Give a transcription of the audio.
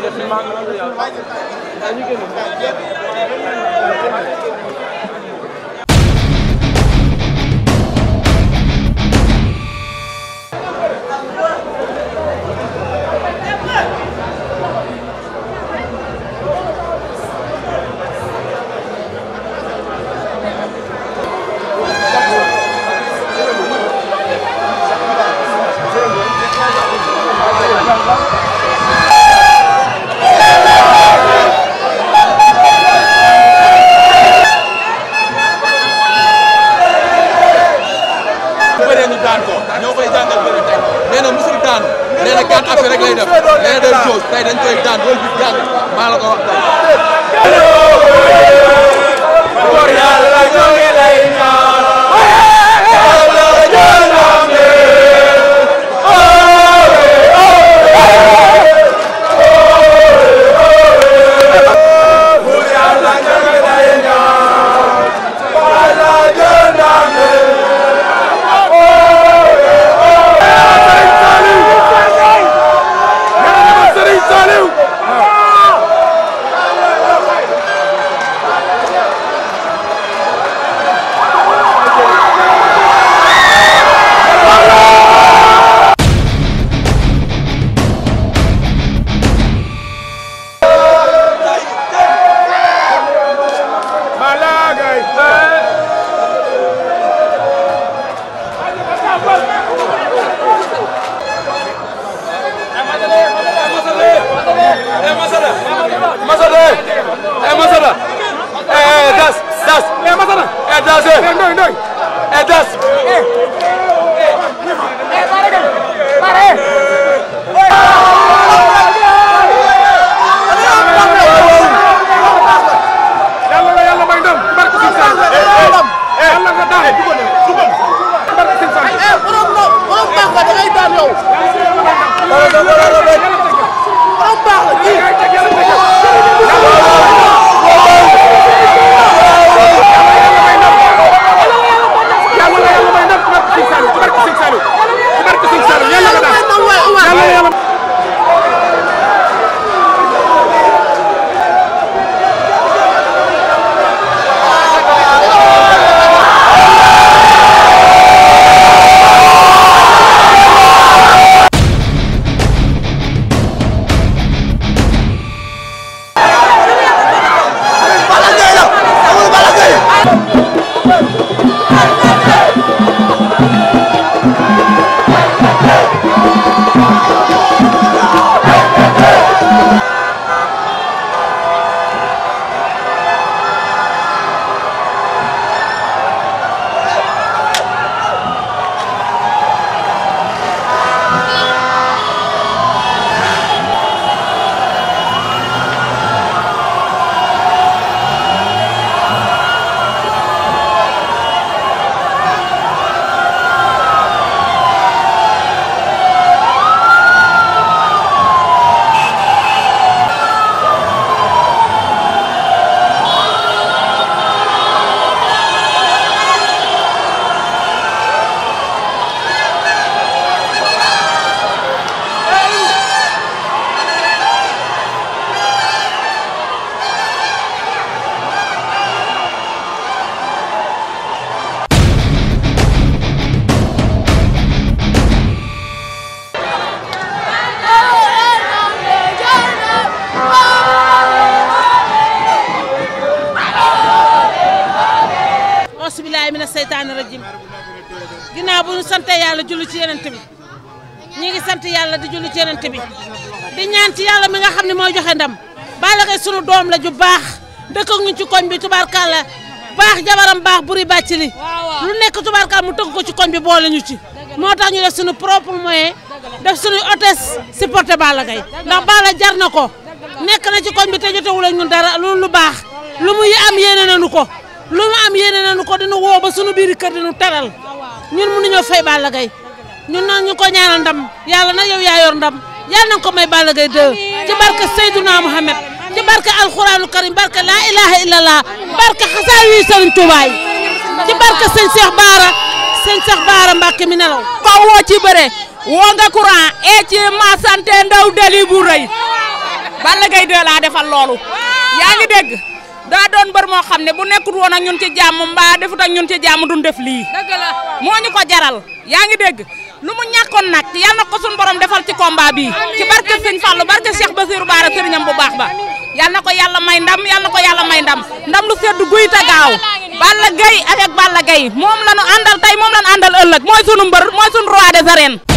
Frage viel machen. Ja, danke. Malo no. seytaane rajim ginnaaw bu ñu sante yàlla julli ci yenent bi ñi gi sant yàlla di julli ci yenent bi di ñaan ci yàlla mi nga xam ni mooy joxe ndam Balla Gaye sunu doom la ju baax dëkk ngi ci koñ bi tubaarkàlla baax jabaram baax buri bàcc li lu nekk tubaarkàlla mu tëgg ko ci koñ bi boole ñu ci moo tax ñu def suñu propre moyen def suñu hôtesse supporté Balla Gaye ndax Balla jar na ko nekk na ci koñ bi te jotewul ak ñun dara loolu lu baax lu mu am yéene nañu ko lu mu am yéene nañu ko dina woo ba sunu biir kër dinu teral ñun mënuñoo fay Balla Gaye ñun nag ñu ko ñaanal ndam yàlla nag yow yaa yor ndam yàlla na ko may Balla Gaye 2 ci barke Seydouna Mohamed ci barke alxuraanu karim barke laa ilaha illallah barke xasaa wi sëriñ Tuubaa yi ci barke sëñ Cheikh Baara sëñ Cheikh Baara Mbàkke mi nelaw ko ci bëre woo nga courant ee ci ndaw deli Balla Gaye 2 laa defal loolu yaa ngi dégg daa doon mbër moo xam ne bu nekkul woon ak ñun ci jàmm mbaa defut ak ñun ci jàmm duñ def lii. dëgg la moo ñu ko jaral yaa ngi dégg lu mu ñàkkoon nag yal na ko suñu borom defal ci combat bii. ci barke Sëñ Fallu barke Cheikh Basirou Baara sëriñam bu baax ba. yal na ko yàlla may ndam yal na ko yàlla may ndam ndam lu sedd guy te gaaw. Balla Gaye avec Balla Gaye moom la ñu àndal tey moom la ñu àndal ëllëg mooy sunu mbër mooy sunu roi des